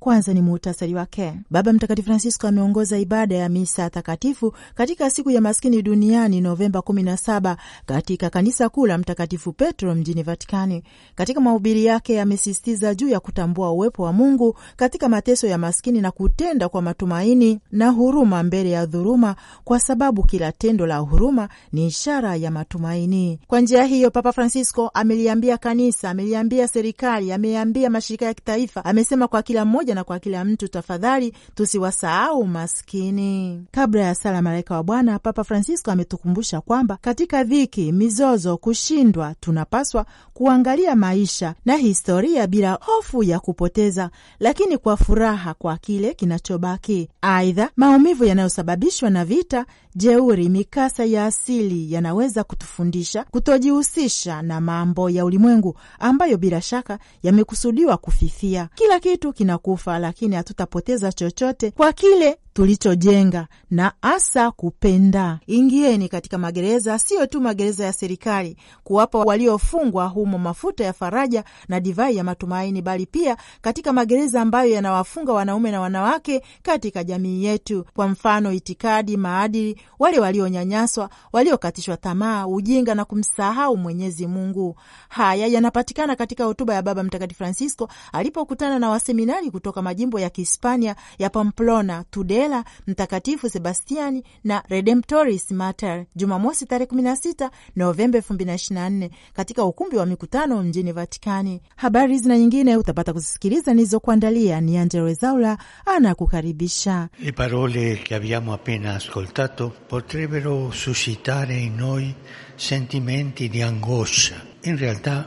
kwanza ni muhtasari wake. Baba Mtakatifu Francisco ameongoza ibada ya misa takatifu katika siku ya maskini duniani Novemba 17 katika kanisa kuu la Mtakatifu Petro mjini Vatikani. Katika mahubiri yake amesisitiza juu ya kutambua uwepo wa Mungu katika mateso ya maskini na kutenda kwa matumaini na huruma mbele ya dhuruma kwa sababu kila tendo la huruma ni ishara ya matumaini. Kwa njia hiyo, Papa Francisco ameliambia kanisa, ameliambia serikali, ameambia mashirika ya kitaifa, amesema kwa kila mmoja pamoja na kwa kila mtu, tafadhali tusiwasahau maskini. Kabla ya sala malaika wa Bwana, Papa Francisco ametukumbusha kwamba katika dhiki, mizozo, kushindwa, tunapaswa kuangalia maisha na historia bila hofu ya kupoteza, lakini kwa furaha kwa kile kinachobaki. Aidha, maumivu yanayosababishwa na vita, jeuri, mikasa ya asili yanaweza kutufundisha kutojihusisha na mambo ya ulimwengu ambayo bila shaka yamekusudiwa kufifia. Kila kitu kinaku kufa, lakini hatutapoteza chochote kwa kile tulichojenga na hasa kupenda. Ingieni katika magereza, siyo tu magereza ya serikali, kuwapa waliofungwa humo mafuta ya faraja na divai ya matumaini, bali pia katika magereza ambayo yanawafunga wanaume na wanawake katika jamii yetu, kwa mfano itikadi, maadili, wale walionyanyaswa, waliokatishwa tamaa, ujinga na kumsahau Mwenyezi Mungu. Haya yanapatikana katika hotuba ya Baba Mtakatifu Francisco alipokutana na waseminari kutoka majimbo ya Kihispania ya Pamplona, Tudela Mandela, Mtakatifu Sebastiani na Redemptoris Mater, Jumamosi tarehe 16 Novemba 2024 katika ukumbi wa mikutano mjini Vatikani. Habari hizi na nyingine utapata kuzisikiliza nilizokuandalia. Ni Angelo Rezaula anakukaribisha. Le parole che abbiamo appena ascoltato potrebbero suscitare in noi sentimenti di angoscia. In realtà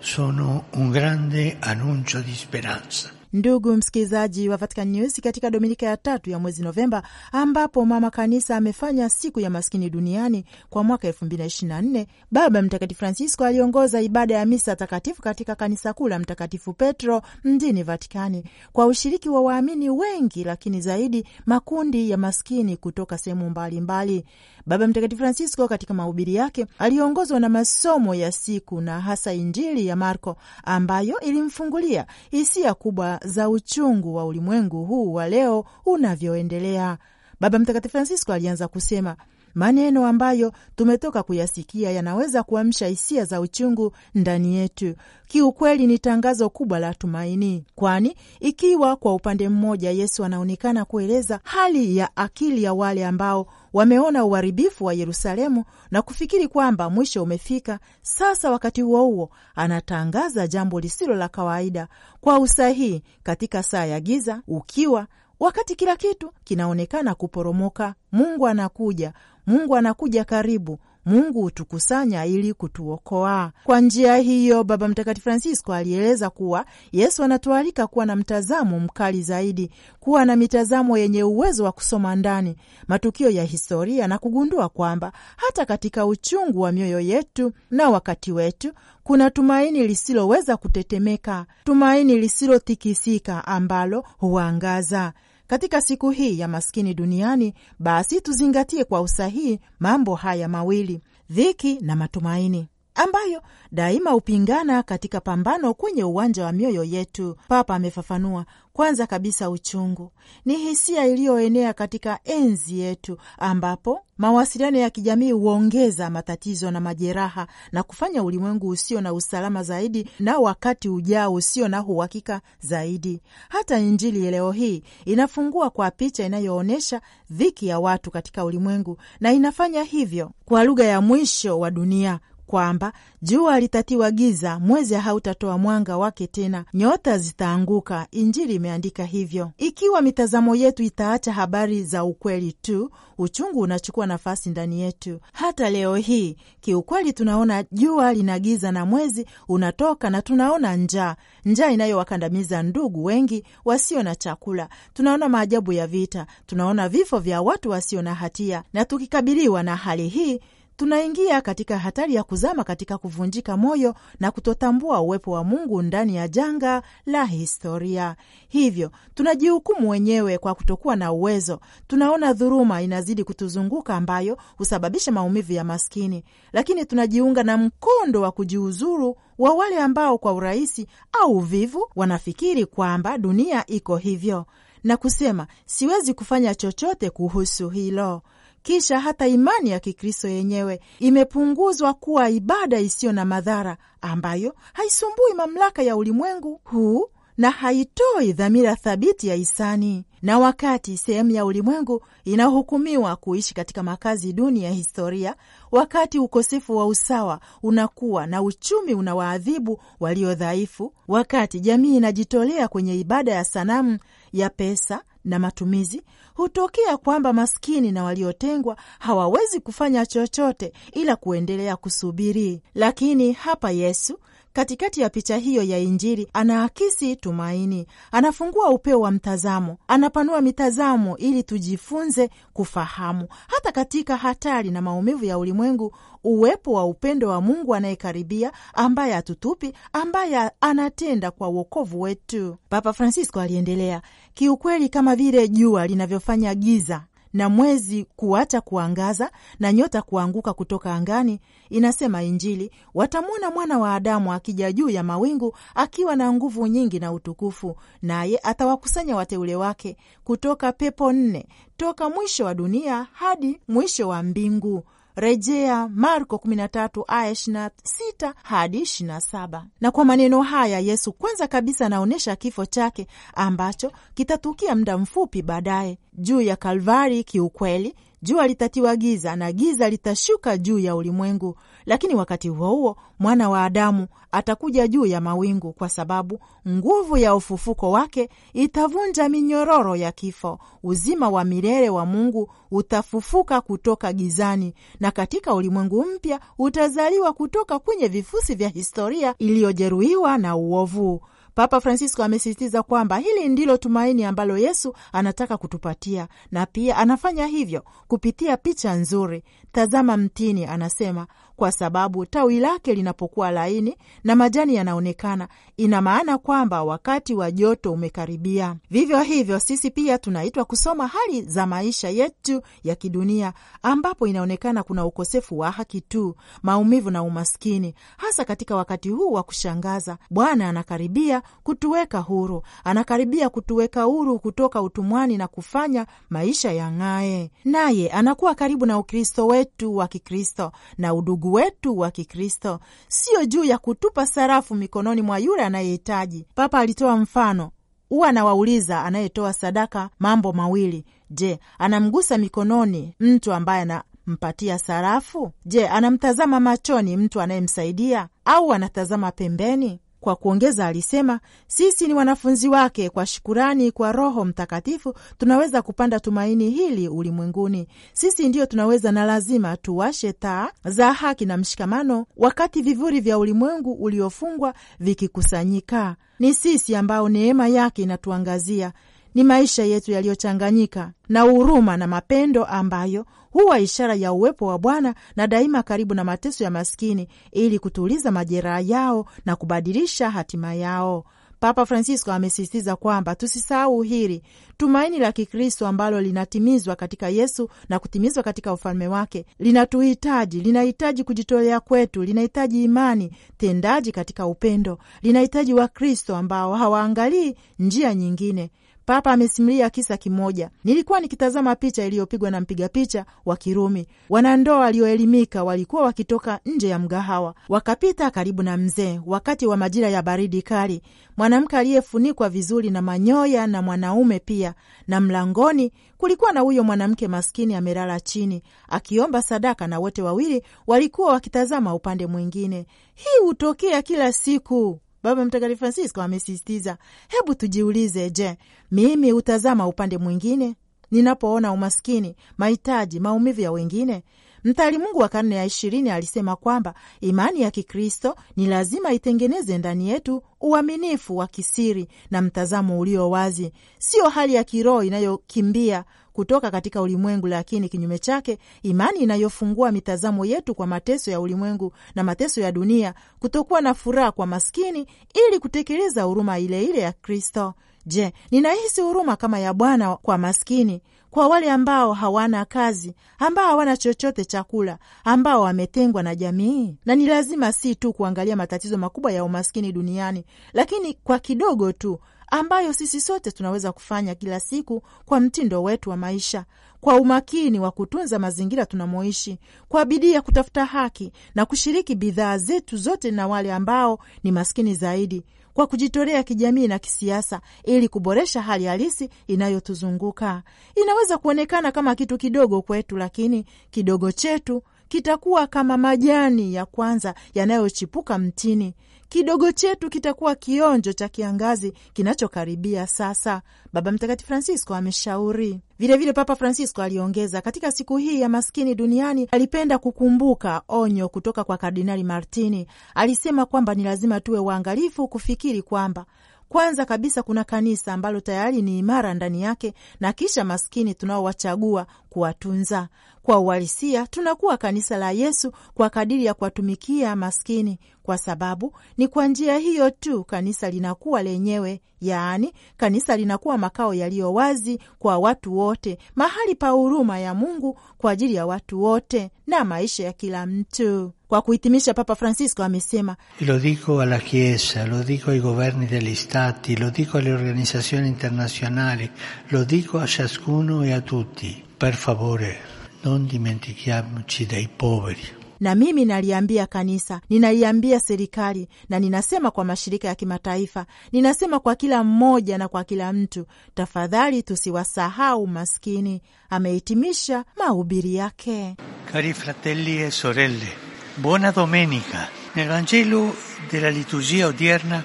sono un grande annuncio di speranza. Ndugu msikilizaji wa Vatican News, katika dominika ya tatu ya mwezi Novemba, ambapo mama kanisa amefanya siku ya maskini duniani kwa mwaka 2024, Baba Mtakatifu Francisco aliongoza ibada ya misa takatifu katika kanisa kuu la Mtakatifu Petro mjini Vatikani kwa ushiriki wa waamini wengi, lakini zaidi makundi ya maskini kutoka sehemu mbalimbali. Baba Mtakatifu Francisco katika mahubiri yake aliongozwa na masomo ya siku na hasa Injili ya Marko ambayo ilimfungulia hisia kubwa za uchungu wa ulimwengu huu wa leo unavyoendelea. Baba Mtakatifu Francisco alianza kusema Maneno ambayo tumetoka kuyasikia yanaweza kuamsha hisia za uchungu ndani yetu. Kiukweli ni tangazo kubwa la tumaini, kwani ikiwa kwa upande mmoja Yesu anaonekana kueleza hali ya akili ya wale ambao wameona uharibifu wa Yerusalemu na kufikiri kwamba mwisho umefika. Sasa wakati huo huo anatangaza jambo lisilo la kawaida kwa usahihi katika saa ya giza, ukiwa wakati kila kitu kinaonekana kuporomoka, Mungu anakuja Mungu anakuja karibu. Mungu hutukusanya ili kutuokoa. Kwa njia hiyo, Baba Mtakatifu Francisco alieleza kuwa Yesu anatualika kuwa na mtazamo mkali zaidi, kuwa na mitazamo yenye uwezo wa kusoma ndani matukio ya historia na kugundua kwamba hata katika uchungu wa mioyo yetu na wakati wetu kuna tumaini lisiloweza kutetemeka, tumaini lisilotikisika ambalo huangaza. Katika siku hii ya maskini duniani, basi tuzingatie kwa usahihi mambo haya mawili, dhiki na matumaini ambayo daima hupingana katika pambano kwenye uwanja wa mioyo yetu. Papa amefafanua kwanza kabisa, uchungu ni hisia iliyoenea katika enzi yetu, ambapo mawasiliano ya kijamii huongeza matatizo na majeraha na kufanya ulimwengu usio na usalama zaidi na wakati ujao usio na uhakika zaidi. Hata Injili leo hii inafungua kwa picha inayoonyesha dhiki ya watu katika ulimwengu, na inafanya hivyo kwa lugha ya mwisho wa dunia kwamba jua litatiwa giza, mwezi hautatoa mwanga wake tena, nyota zitaanguka. Injili imeandika hivyo. Ikiwa mitazamo yetu itaacha habari za ukweli tu, uchungu unachukua nafasi ndani yetu. Hata leo hii kiukweli, tunaona jua lina giza na mwezi unatoka, na tunaona njaa, njaa inayowakandamiza ndugu wengi wasio na chakula. Tunaona maajabu ya vita, tunaona vifo vya watu wasio na hatia, na tukikabiliwa na hali hii tunaingia katika hatari ya kuzama katika kuvunjika moyo na kutotambua uwepo wa Mungu ndani ya janga la historia. Hivyo tunajihukumu wenyewe kwa kutokuwa na uwezo. Tunaona dhuruma inazidi kutuzunguka, ambayo husababisha maumivu ya maskini, lakini tunajiunga na mkondo wa kujiuzuru wa wale ambao kwa urahisi au uvivu wanafikiri kwamba dunia iko hivyo na kusema siwezi kufanya chochote kuhusu hilo. Kisha hata imani ya Kikristo yenyewe imepunguzwa kuwa ibada isiyo na madhara ambayo haisumbui mamlaka ya ulimwengu huu na haitoi dhamira thabiti ya hisani. Na wakati sehemu ya ulimwengu inahukumiwa kuishi katika makazi duni ya historia, wakati ukosefu wa usawa unakuwa na uchumi unawaadhibu walio dhaifu, wakati jamii inajitolea kwenye ibada ya sanamu ya pesa na matumizi hutokea kwamba maskini na waliotengwa hawawezi kufanya chochote ila kuendelea kusubiri. Lakini hapa Yesu Katikati ya picha hiyo ya Injili anaakisi tumaini, anafungua upeo wa mtazamo, anapanua mitazamo ili tujifunze kufahamu hata katika hatari na maumivu ya ulimwengu uwepo wa upendo wa Mungu anayekaribia, ambaye hatutupi, ambaye anatenda kwa uokovu wetu. Papa Francisco aliendelea, kiukweli, kama vile jua linavyofanya giza na mwezi kuwata kuangaza na nyota kuanguka kutoka angani, inasema Injili, watamwona mwana wa Adamu akija juu ya mawingu akiwa na nguvu nyingi na utukufu, naye atawakusanya wateule wake kutoka pepo nne, toka mwisho wa dunia hadi mwisho wa mbingu. Rejea Marko 13 aya 26 hadi 27. Na kwa maneno haya Yesu kwanza kabisa anaonyesha kifo chake ambacho kitatukia muda mfupi baadaye juu ya Kalvari kiukweli jua litatiwa giza na giza litashuka juu ya ulimwengu, lakini wakati huo huo mwana wa Adamu atakuja juu ya mawingu, kwa sababu nguvu ya ufufuko wake itavunja minyororo ya kifo. Uzima wa milele wa Mungu utafufuka kutoka gizani, na katika ulimwengu mpya utazaliwa kutoka kwenye vifusi vya historia iliyojeruhiwa na uovu. Papa Francisco amesisitiza kwamba hili ndilo tumaini ambalo Yesu anataka kutupatia, na pia anafanya hivyo kupitia picha nzuri Tazama mtini, anasema kwa sababu tawi lake linapokuwa laini na majani yanaonekana, ina maana kwamba wakati wa joto umekaribia. Vivyo hivyo, sisi pia tunaitwa kusoma hali za maisha yetu ya kidunia, ambapo inaonekana kuna ukosefu wa haki tu, maumivu na umaskini, hasa katika wakati huu wa kushangaza. Bwana anakaribia kutuweka huru, anakaribia kutuweka huru kutoka utumwani na kufanya maisha yang'ae, naye anakuwa karibu na Ukristo wetu wetu wa Kikristo na udugu wetu wa Kikristo, siyo juu ya kutupa sarafu mikononi mwa yule anayehitaji. Papa alitoa mfano huwa anawauliza anayetoa sadaka mambo mawili: je, anamgusa mikononi mtu ambaye anampatia sarafu? Je, anamtazama machoni mtu anayemsaidia au anatazama pembeni? Kwa kuongeza, alisema sisi ni wanafunzi wake. Kwa shukurani kwa Roho Mtakatifu tunaweza kupanda tumaini hili ulimwenguni. Sisi ndiyo tunaweza na lazima tuwashe taa za haki na mshikamano, wakati vivuri vya ulimwengu uliofungwa vikikusanyika. Ni sisi ambao neema yake inatuangazia, ni maisha yetu yaliyochanganyika na huruma na mapendo ambayo huwa ishara ya uwepo wa Bwana na daima karibu na mateso ya maskini ili kutuliza majeraha yao na kubadilisha hatima yao. Papa Francisco amesisitiza kwamba tusisahau hili tumaini la Kikristo ambalo linatimizwa katika Yesu na kutimizwa katika ufalme wake. Linatuhitaji, linahitaji kujitolea kwetu, linahitaji imani tendaji katika upendo, linahitaji Wakristo ambao hawaangalii njia nyingine Papa amesimulia kisa kimoja. Nilikuwa nikitazama picha iliyopigwa na mpiga picha wa Kirumi. Wanandoa walioelimika walikuwa wakitoka nje ya mgahawa, wakapita karibu na mzee wakati wa majira ya baridi kali, mwanamke aliyefunikwa vizuri na manyoya na mwanaume pia, na mlangoni kulikuwa na huyo mwanamke maskini amelala chini akiomba sadaka, na wote wawili walikuwa wakitazama upande mwingine. Hii hutokea kila siku. Baba Mtakatifu Francisco amesisitiza, hebu tujiulize, je, mimi hutazama upande mwingine ninapoona umaskini, mahitaji, maumivu ya wengine? Mtali Mungu wa karne ya ishirini alisema kwamba imani ya Kikristo ni lazima itengeneze ndani yetu uaminifu wa kisiri na mtazamo ulio wazi, sio hali ya kiroho inayokimbia kutoka katika ulimwengu, lakini kinyume chake, imani inayofungua mitazamo yetu kwa mateso ya ulimwengu na mateso ya dunia, kutokuwa na furaha kwa maskini, ili kutekeleza huruma ile ile ya Kristo. Je, ninahisi huruma kama ya Bwana kwa maskini, kwa wale ambao hawana kazi, ambao hawana chochote chakula, ambao wametengwa na jamii? Na ni lazima si tu kuangalia matatizo makubwa ya umaskini duniani, lakini kwa kidogo tu ambayo sisi sote tunaweza kufanya kila siku kwa mtindo wetu wa maisha, kwa umakini wa kutunza mazingira tunamoishi, kwa bidii ya kutafuta haki na kushiriki bidhaa zetu zote na wale ambao ni maskini zaidi, kwa kujitolea kijamii na kisiasa ili kuboresha hali halisi inayotuzunguka. Inaweza kuonekana kama kitu kidogo kwetu, lakini kidogo chetu kitakuwa kama majani ya kwanza yanayochipuka mtini kidogo chetu kitakuwa kionjo cha kiangazi kinachokaribia sasa, Baba Mtakatifu Francisco ameshauri. Vilevile Papa Francisco aliongeza, katika siku hii ya maskini duniani alipenda kukumbuka onyo kutoka kwa Kardinali Martini. Alisema kwamba ni lazima tuwe waangalifu kufikiri kwamba kwanza kabisa kuna kanisa ambalo tayari ni imara ndani yake, na kisha maskini tunaowachagua kuwatunza. Kwa uhalisia, tunakuwa kanisa la Yesu kwa kadiri ya kuwatumikia maskini, kwa sababu ni kwa njia hiyo tu kanisa linakuwa lenyewe, yaani kanisa linakuwa makao yaliyo wazi kwa watu wote, mahali pa huruma ya Mungu kwa ajili ya watu wote na maisha ya kila mtu. Kwa kuhitimisha, Papa Francisco amesema lo dico alla Chiesa, lo dico ai governi degli stati, lo dico alle organizzazioni internazionali, lo dico a ciascuno e a tutti, per favore non dimentichiamoci dei poveri. Na mimi naliambia kanisa, ninaiambia serikali, na ninasema kwa mashirika ya kimataifa, ninasema kwa kila mmoja na kwa kila mtu, tafadhali tusiwasahau maskini. Amehitimisha mahubiri yake. Cari fratelli e sorelle Buona domenica. Nel Vangelo della liturgia odierna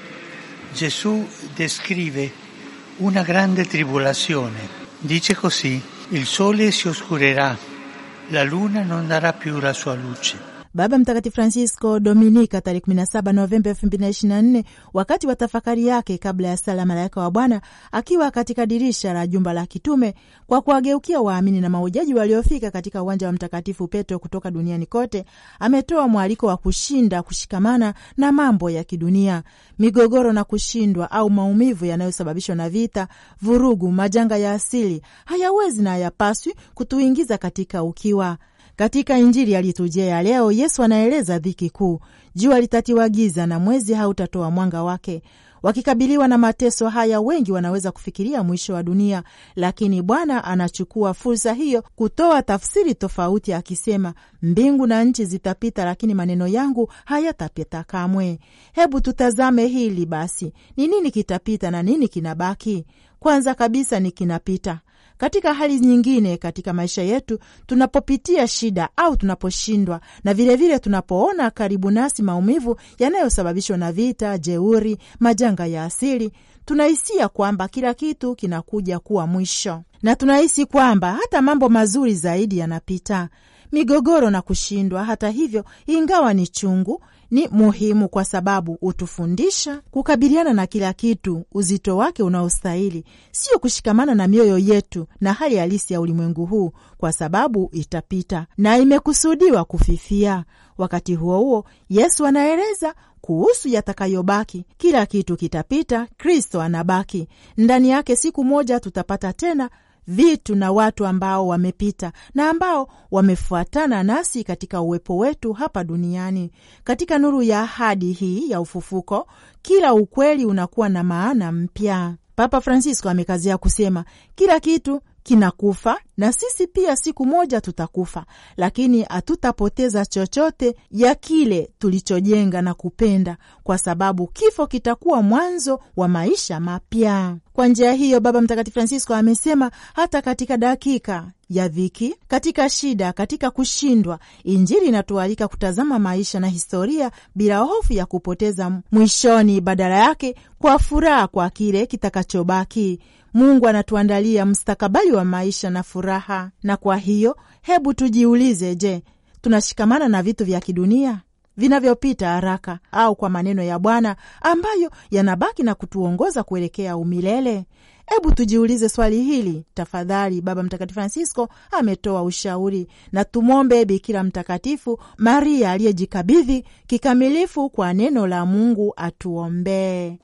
Gesù descrive una grande tribolazione. Dice così, il sole si oscurerà, la luna non darà più la sua luce. Baba Mtakatifu Francisco Dominika tarehe 17 Novemba 2024 wakati wa tafakari yake kabla ya sala malaika wa Bwana akiwa katika dirisha la jumba la kitume kwa kuwageukia waamini na mahujaji waliofika katika uwanja wa Mtakatifu Petro kutoka duniani kote, ametoa mwaliko wa kushinda kushikamana na mambo ya kidunia, migogoro na kushindwa au maumivu yanayosababishwa na vita, vurugu, majanga ya asili hayawezi na hayapaswi kutuingiza katika ukiwa katika Injili yalitujia leo, Yesu anaeleza dhiki kuu: jua litatiwa giza na mwezi hautatoa mwanga wake. Wakikabiliwa na mateso haya, wengi wanaweza kufikiria mwisho wa dunia, lakini Bwana anachukua fursa hiyo kutoa tafsiri tofauti, akisema mbingu na nchi zitapita, lakini maneno yangu hayatapita kamwe. Hebu tutazame hili basi, ni nini kitapita na nini kinabaki? Kwanza kabisa ni kinapita. Katika hali nyingine, katika maisha yetu, tunapopitia shida au tunaposhindwa, na vilevile tunapoona karibu nasi maumivu yanayosababishwa na vita, jeuri, majanga ya asili, tunahisia kwamba kila kitu kinakuja kuwa mwisho, na tunahisi kwamba hata mambo mazuri zaidi yanapita migogoro na kushindwa. Hata hivyo, ingawa ni chungu, ni muhimu kwa sababu hutufundisha kukabiliana na kila kitu uzito wake unaostahili, sio kushikamana na mioyo yetu na hali halisi ya ulimwengu huu, kwa sababu itapita na imekusudiwa kufifia. Wakati huo huo, Yesu anaeleza kuhusu yatakayobaki. Kila kitu kitapita, Kristo anabaki. Ndani yake siku moja tutapata tena vitu na watu ambao wamepita na ambao wamefuatana nasi katika uwepo wetu hapa duniani. Katika nuru ya ahadi hii ya ufufuko, kila ukweli unakuwa na maana mpya. Papa Francisco amekazia kusema, kila kitu kinakufa na sisi pia siku moja tutakufa, lakini hatutapoteza chochote ya kile tulichojenga na kupenda, kwa sababu kifo kitakuwa mwanzo wa maisha mapya. Kwa njia hiyo, Baba Mtakatifu Francisco amesema hata katika dakika ya dhiki, katika shida, katika kushindwa, Injili inatualika kutazama maisha na historia bila hofu ya kupoteza mwishoni, badala yake kwa furaha kwa kile kitakachobaki. Mungu anatuandalia mstakabali wa maisha na furaha, na kwa hiyo hebu tujiulize, je, tunashikamana na vitu vya kidunia vinavyopita haraka au kwa maneno ya Bwana ambayo yanabaki na kutuongoza kuelekea umilele? Hebu tujiulize swali hili tafadhali. Baba Mtakatifu Francisco ametoa ushauri, na tumwombe Bikira Mtakatifu Maria aliyejikabidhi kikamilifu kwa neno la Mungu atuombee.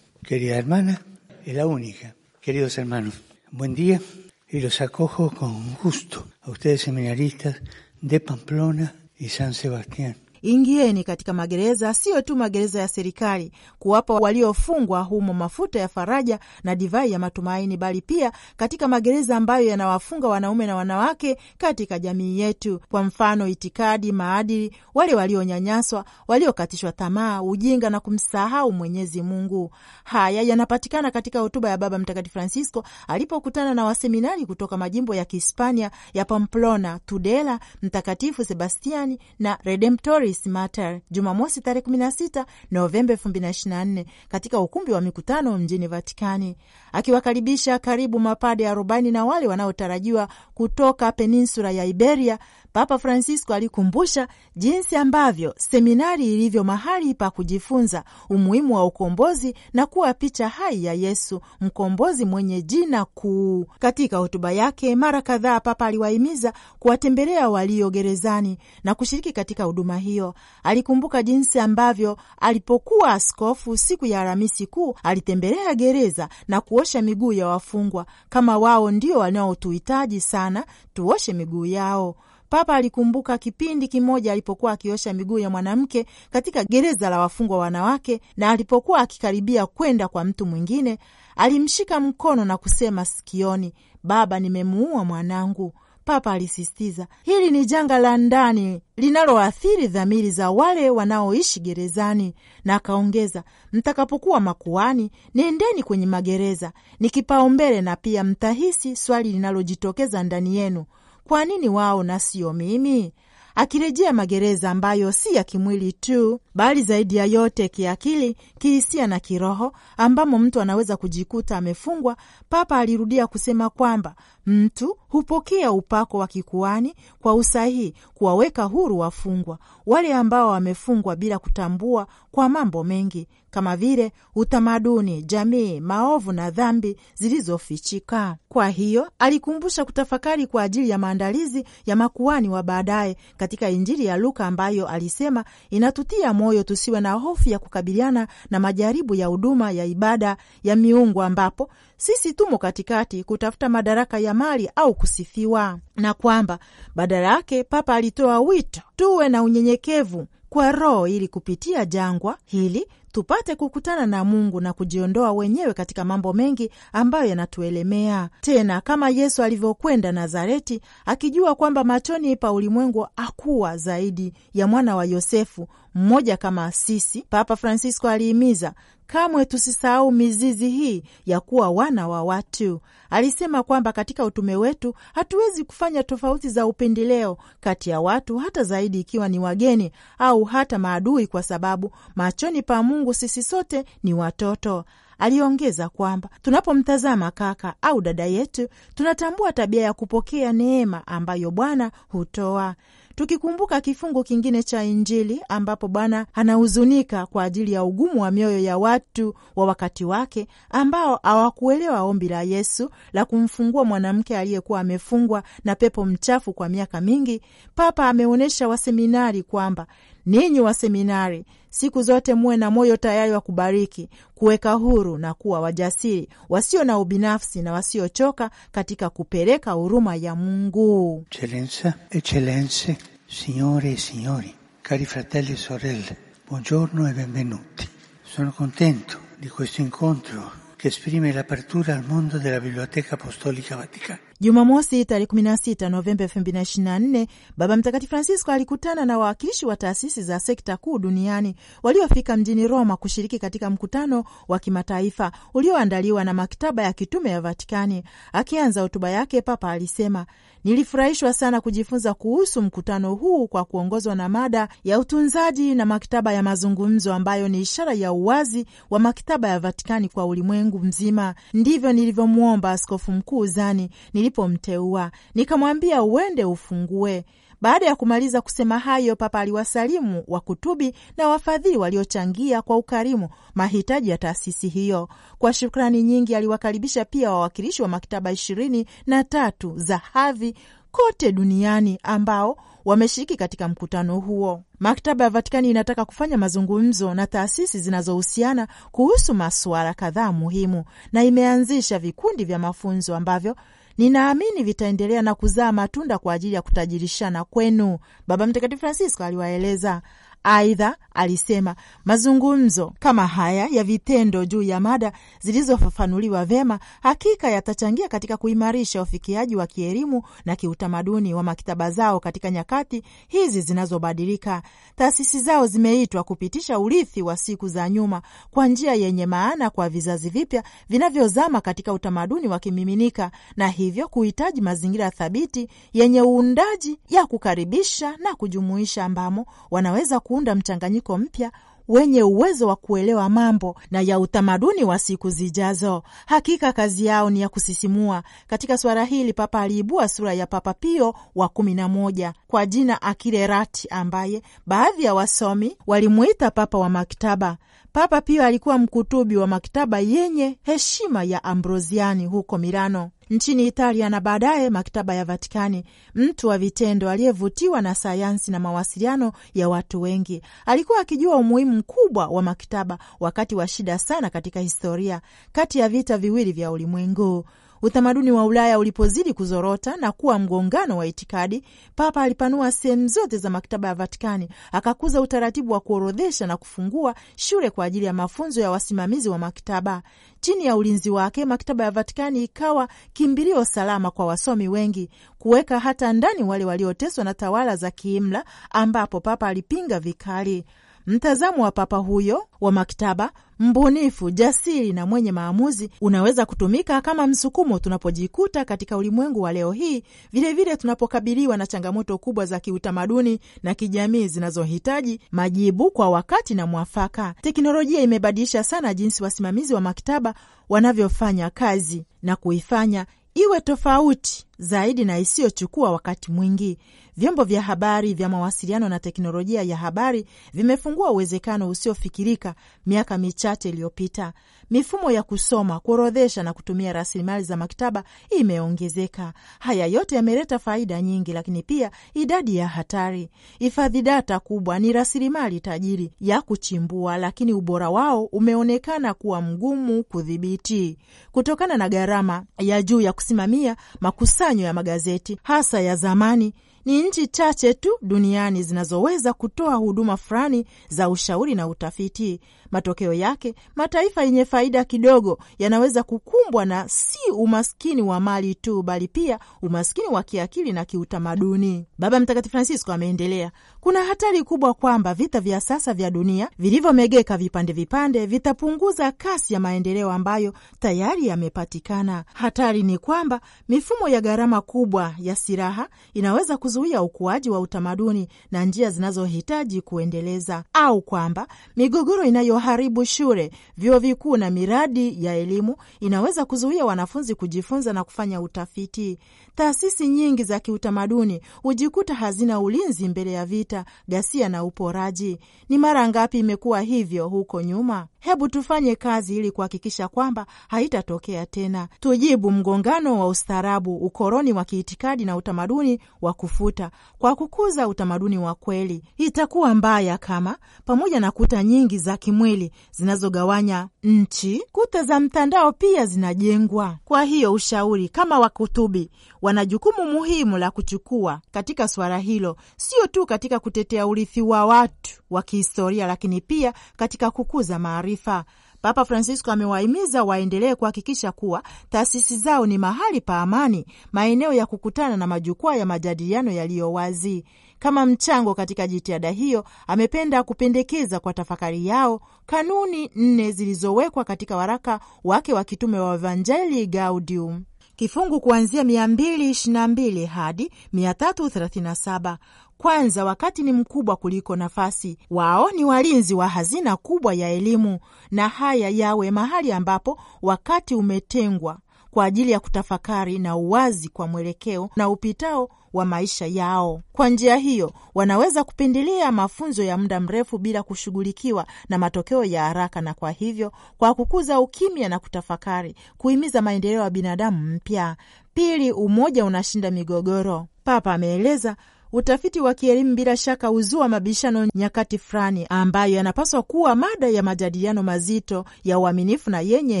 querida hermana es la única. Queridos hermanos, buen día y los acojo con gusto a ustedes seminaristas de Pamplona y San Sebastián Ingieni katika magereza, siyo tu magereza ya serikali, kuwapa waliofungwa humo mafuta ya faraja na divai ya matumaini, bali pia katika magereza ambayo yanawafunga wanaume na wanawake katika jamii yetu, kwa mfano itikadi, maadili, wale walionyanyaswa, waliokatishwa tamaa, ujinga na kumsahau Mwenyezi Mungu. Haya yanapatikana katika hotuba ya Baba Mtakatifu Francisco alipokutana na waseminari kutoka majimbo ya Kihispania ya Pamplona, Tudela, Mtakatifu Sebastiani na Redemptoris Grace Matter Jumamosi tarehe 16 Novemba 2024 katika ukumbi wa mikutano mjini Vatikani, akiwakaribisha karibu mapade 40 na wale wanaotarajiwa kutoka peninsula ya Iberia Papa Francisco alikumbusha jinsi ambavyo seminari ilivyo mahali pa kujifunza umuhimu wa ukombozi na kuwa picha hai ya Yesu mkombozi mwenye jina kuu. Katika hotuba yake mara kadhaa, Papa aliwahimiza kuwatembelea walio gerezani na kushiriki katika huduma hiyo. Alikumbuka jinsi ambavyo alipokuwa askofu, siku ya Alhamisi Kuu alitembelea gereza na kuosha miguu ya wafungwa, kama wao ndio wanaotuhitaji sana tuoshe miguu yao. Papa alikumbuka kipindi kimoja alipokuwa akiosha miguu ya mwanamke katika gereza la wafungwa wanawake, na alipokuwa akikaribia kwenda kwa mtu mwingine, alimshika mkono na kusema sikioni, Baba, nimemuua mwanangu. Papa alisisitiza hili ni janga la ndani linaloathiri dhamiri za wale wanaoishi gerezani, na akaongeza, mtakapokuwa makuani, nendeni kwenye magereza, ni kipaumbele, na pia mtahisi swali linalojitokeza ndani yenu kwa nini wao na sio mimi? Akirejea magereza ambayo si ya kimwili tu, bali zaidi ya yote kiakili, kihisia na kiroho, ambamo mtu anaweza kujikuta amefungwa, Papa alirudia kusema kwamba Mtu hupokea upako wa kikuani kwa usahihi kuwaweka huru wafungwa wale ambao wamefungwa bila kutambua kwa mambo mengi kama vile utamaduni, jamii, maovu na dhambi zilizofichika. Kwa hiyo alikumbusha kutafakari kwa ajili ya maandalizi ya makuani wa baadaye katika Injili ya Luka, ambayo alisema inatutia moyo tusiwe na hofu ya kukabiliana na majaribu ya huduma ya ibada ya miungu, ambapo sisi tumo katikati kutafuta madaraka ya mali au kusifiwa, na kwamba badala yake Papa alitoa wito tuwe na unyenyekevu kwa roho ili kupitia jangwa hili tupate kukutana na Mungu na kujiondoa wenyewe katika mambo mengi ambayo yanatuelemea. Tena kama Yesu alivyokwenda Nazareti, akijua kwamba machoni pa ulimwengu akuwa zaidi ya mwana wa Yosefu mmoja kama sisi, Papa Francisco alihimiza Kamwe tusisahau mizizi hii ya kuwa wana wa watu. Alisema kwamba katika utume wetu hatuwezi kufanya tofauti za upendeleo kati ya watu, hata zaidi ikiwa ni wageni au hata maadui, kwa sababu machoni pa Mungu sisi sote ni watoto. Aliongeza kwamba tunapomtazama kaka au dada yetu tunatambua tabia ya kupokea neema ambayo Bwana hutoa tukikumbuka kifungu kingine cha Injili ambapo Bwana anahuzunika kwa ajili ya ugumu wa mioyo ya watu wa wakati wake ambao hawakuelewa ombi la Yesu la kumfungua mwanamke aliyekuwa amefungwa na pepo mchafu kwa miaka mingi. Papa ameonyesha waseminari kwamba Ninyi wa seminari, siku zote muwe na moyo tayari wa kubariki, kuweka huru na kuwa wajasiri, wasio na ubinafsi na wasiochoka katika kupeleka huruma ya Mungu. Eccellenza, eccellenze, signore e signori, cari fratelli e sorelle, buongiorno e benvenuti. Sono contento di questo incontro che esprime l'apertura al mondo della Biblioteca Apostolica Vaticana. Jumamosi tarehe 16 Novemba 2024 Baba Mtakatifu Francisco alikutana na wawakilishi wa taasisi za sekta kuu duniani waliofika mjini Roma kushiriki katika mkutano wa kimataifa ulioandaliwa na maktaba ya kitume ya Vatikani. Akianza hotuba yake, Papa alisema Nilifurahishwa sana kujifunza kuhusu mkutano huu kwa kuongozwa na mada ya utunzaji na maktaba ya mazungumzo ambayo ni ishara ya uwazi wa maktaba ya Vatikani kwa ulimwengu mzima. Ndivyo nilivyomwomba askofu mkuu Zani nilipomteua, nikamwambia uende ufungue baada ya kumaliza kusema hayo, Papa aliwasalimu wakutubi na wafadhili waliochangia kwa ukarimu mahitaji ya taasisi hiyo. Kwa shukrani nyingi, aliwakaribisha pia wawakilishi wa maktaba ishirini na tatu za hadhi kote duniani ambao wameshiriki katika mkutano huo. Maktaba ya Vatikani inataka kufanya mazungumzo na taasisi zinazohusiana kuhusu masuala kadhaa muhimu, na imeanzisha vikundi vya mafunzo ambavyo Ninaamini vitaendelea na kuzaa matunda kwa ajili ya kutajirishana kwenu, Baba Mtakatifu Francisco aliwaeleza. Aidha, alisema mazungumzo kama haya ya vitendo juu ya mada zilizofafanuliwa vema hakika yatachangia katika kuimarisha ufikiaji wa kielimu na kiutamaduni wa maktaba zao katika nyakati hizi zinazobadilika. Taasisi zao zimeitwa kupitisha urithi wa siku za nyuma kwa njia yenye maana kwa vizazi vipya vinavyozama katika utamaduni wa kimiminika, na hivyo kuhitaji mazingira thabiti yenye uundaji ya kukaribisha na kujumuisha ambamo wanaweza ku kuunda mchanganyiko mpya wenye uwezo wa kuelewa mambo na ya utamaduni wa siku zijazo. Hakika kazi yao ni ya kusisimua. Katika suala hili, Papa aliibua sura ya Papa Pio wa kumi na moja kwa jina Akile Rati, ambaye baadhi ya wasomi walimuita papa wa maktaba. Papa pia alikuwa mkutubi wa maktaba yenye heshima ya Ambrosiani huko Milano nchini Italia na baadaye maktaba ya Vatikani. Mtu wa vitendo aliyevutiwa na sayansi na mawasiliano ya watu wengi, alikuwa akijua umuhimu mkubwa wa maktaba wakati wa shida sana katika historia, kati ya vita viwili vya ulimwengu. Utamaduni wa Ulaya ulipozidi kuzorota na kuwa mgongano wa itikadi, Papa alipanua sehemu zote za maktaba ya Vatikani, akakuza utaratibu wa kuorodhesha na kufungua shule kwa ajili ya mafunzo ya wasimamizi wa maktaba. Chini ya ulinzi wake, maktaba ya Vatikani ikawa kimbilio salama kwa wasomi wengi, kuweka hata ndani wale walioteswa na tawala za kiimla, ambapo Papa alipinga vikali. Mtazamo wa papa huyo wa maktaba, mbunifu, jasiri na mwenye maamuzi, unaweza kutumika kama msukumo tunapojikuta katika ulimwengu wa leo hii, vilevile tunapokabiliwa na changamoto kubwa za kiutamaduni na kijamii zinazohitaji majibu kwa wakati na mwafaka. Teknolojia imebadilisha sana jinsi wasimamizi wa maktaba wanavyofanya kazi na kuifanya iwe tofauti zaidi na isiyochukua wakati mwingi. Vyombo vya habari vya mawasiliano na teknolojia ya habari vimefungua uwezekano usiofikirika miaka michache iliyopita. Mifumo ya kusoma, kuorodhesha na kutumia rasilimali za maktaba imeongezeka. Haya yote yameleta faida nyingi, lakini pia idadi ya hatari. Hifadhi data kubwa ni rasilimali tajiri ya kuchimbua, lakini ubora wao umeonekana kuwa mgumu kudhibiti kutokana na gharama ya juu ya kusimamia makusa makusanyo ya magazeti hasa ya zamani. Ni nchi chache tu duniani zinazoweza kutoa huduma fulani za ushauri na utafiti. Matokeo yake, mataifa yenye faida kidogo yanaweza kukumbwa na si umaskini wa mali tu, bali pia umaskini wa kiakili na kiutamaduni. Baba Mtakatifu Francisco ameendelea kuna hatari kubwa kwamba vita vya sasa vya dunia vilivyomegeka vipande vipande vitapunguza kasi ya maendeleo ambayo tayari yamepatikana. Hatari ni kwamba mifumo ya gharama kubwa ya silaha inaweza kuzuia ukuaji wa utamaduni na njia zinazohitaji kuendeleza, au kwamba migogoro inayoharibu shule, vyuo vikuu na miradi ya elimu inaweza kuzuia wanafunzi kujifunza na kufanya utafiti. Taasisi nyingi za kiutamaduni hujikuta hazina ulinzi mbele ya vita vita, ghasia na uporaji. Ni mara ngapi imekuwa hivyo huko nyuma? Hebu tufanye kazi ili kuhakikisha kwamba haitatokea tena. Tujibu mgongano wa ustaarabu, ukoloni wa kiitikadi na utamaduni wa kufuta kwa kukuza utamaduni wa kweli. Itakuwa mbaya kama pamoja na kuta nyingi za kimwili zinazogawanya nchi, kuta za mtandao pia zinajengwa. Kwa hiyo ushauri kama wakutubi wana jukumu muhimu la kuchukua katika suala hilo, sio tu katika kutetea urithi wa watu wa kihistoria, lakini pia katika kukuza maarifa. Papa Francisco amewahimiza waendelee kuhakikisha kuwa taasisi zao ni mahali pa amani, maeneo ya kukutana na majukwaa ya majadiliano yaliyo wazi. Kama mchango katika jitihada hiyo, amependa kupendekeza kwa tafakari yao kanuni nne zilizowekwa katika waraka wake wa kitume wa Evangelii Gaudium kifungu kuanzia 222 hadi 337. Kwanza, wakati ni mkubwa kuliko nafasi. Wao ni walinzi wa hazina kubwa ya elimu, na haya yawe mahali ambapo wakati umetengwa kwa ajili ya kutafakari na uwazi kwa mwelekeo na upitao wa maisha yao. Kwa njia hiyo, wanaweza kupindilia mafunzo ya muda mrefu bila kushughulikiwa na matokeo ya haraka, na kwa hivyo, kwa kukuza ukimya na kutafakari, kuhimiza maendeleo ya binadamu mpya. Pili, umoja unashinda migogoro. Papa ameeleza utafiti wa kielimu bila shaka huzua mabishano nyakati fulani, ambayo yanapaswa kuwa mada ya majadiliano mazito ya uaminifu na yenye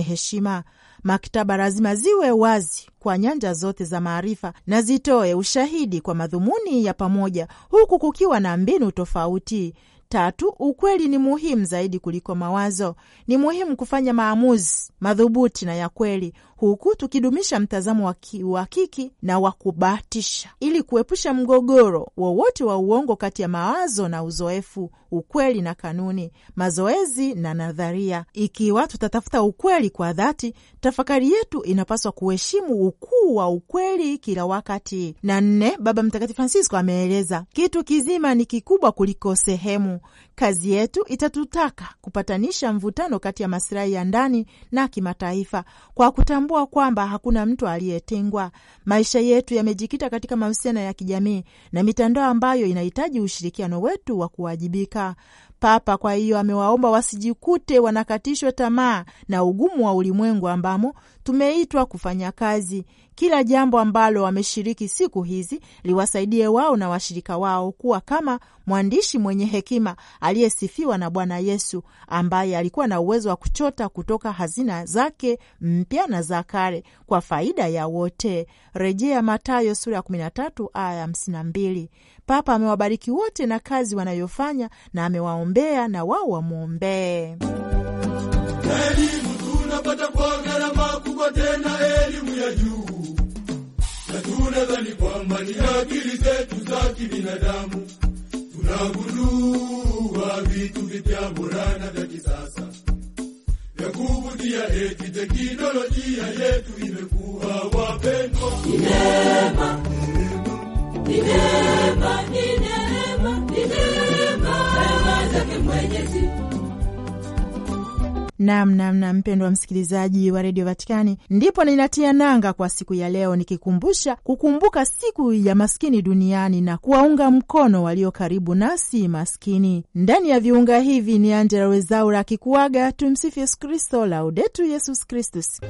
heshima maktaba lazima ziwe wazi kwa nyanja zote za maarifa na zitoe ushahidi kwa madhumuni ya pamoja, huku kukiwa na mbinu tofauti Tatu, ukweli ni muhimu zaidi kuliko mawazo. Ni muhimu kufanya maamuzi madhubuti na ya kweli, huku tukidumisha mtazamo wa kiuhakiki na wa kubahatisha, ili kuepusha mgogoro wowote wa uongo kati ya mawazo na uzoefu, ukweli na kanuni, mazoezi na nadharia. Ikiwa tutatafuta ukweli kwa dhati, tafakari yetu inapaswa kuheshimu ukuu wa ukweli kila wakati. Na nne, Baba Mtakatifu Francisco ameeleza kitu kizima ni kikubwa kuliko sehemu Kazi yetu itatutaka kupatanisha mvutano kati ya masilahi ya ndani na kimataifa kwa kutambua kwamba hakuna mtu aliyetengwa. Maisha yetu yamejikita katika mahusiano ya kijamii na mitandao ambayo inahitaji ushirikiano wetu wa kuwajibika. Papa kwa hiyo amewaomba wasijikute wanakatishwa tamaa na ugumu wa ulimwengu ambamo tumeitwa kufanya kazi. Kila jambo ambalo wameshiriki siku hizi liwasaidie wao na washirika wao kuwa kama mwandishi mwenye hekima aliyesifiwa na Bwana Yesu, ambaye alikuwa na uwezo wa kuchota kutoka hazina zake mpya na za kale kwa faida ya wote. Rejea Mathayo sura ya 13 aya 52. Papa amewabariki wote na kazi wanayofanya na amewaombea na wao wamwombee. Elimu tunapata kwa gharama kubwa, tena elimu ya juu, na tunadhani kwamba ni akili zetu za kibinadamu. Tunagundua vitu vipya bora vya kisasa vya kuvutia, eti teknolojia yetu imekuwa wapendwa namnamna mpendo mpendwa msikilizaji wa redio Vatikani, ndipo ninatia nanga kwa siku ya leo, nikikumbusha kukumbuka siku ya maskini duniani na kuwaunga mkono walio karibu nasi maskini. Ndani ya viunga hivi ni Angela Wezaura akikuaga. Tumsifu Yesu Kristo, Laudetu Yesus Kristus.